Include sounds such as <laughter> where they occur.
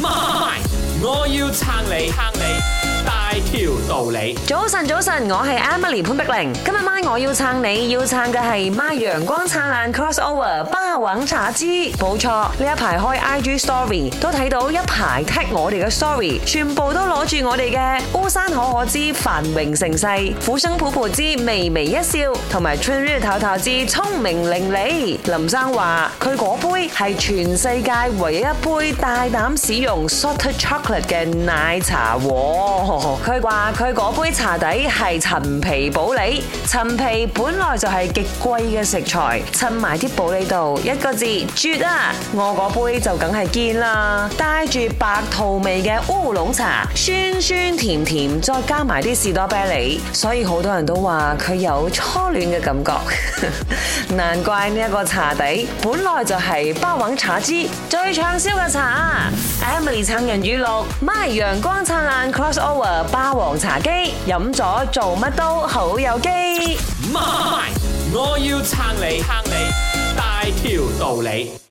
媽咪，我要撐你，撐你大條道理。早晨，早晨，我係 Emily 潘碧玲。今日晚我要撐你，要撐嘅係媽陽光燦爛，crossover 霸王茶姬，冇錯。呢一排開 IG story 都睇到一排 tick 我哋嘅 story，全部都攞住我哋嘅孤山可可枝繁榮盛世，虎生普普枝微微一笑，同埋春日唞唞枝聰明伶俐。林生話佢嗰杯。係全世界唯一一杯大膽使用 s u t a r chocolate 嘅奶茶喎。佢話佢嗰杯茶底係陳皮普洱，陳皮本來就係極貴嘅食材，襯埋啲普洱度，一個字絕啊！我嗰杯就梗係堅啦，帶住白桃味嘅烏龍茶，酸酸甜甜，再加埋啲士多啤梨，所以好多人都話佢有初戀嘅感覺。 <laughs> 難怪呢一個茶底本來就係、是。霸王茶姬最暢銷嘅茶，Emily 撐人語錄，my 陽光燦爛 crossover 霸王茶姬。飲咗做乜都好有機，my 我要撐你，撐你大條道理。